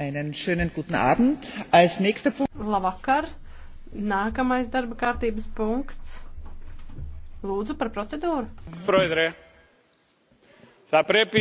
Einen schönen guten Abend. Als nächster Punkt. Labvakar. Nākamais darba kārtības punkts. Lūdzu par procedūru. Proedrē. Tā prepi.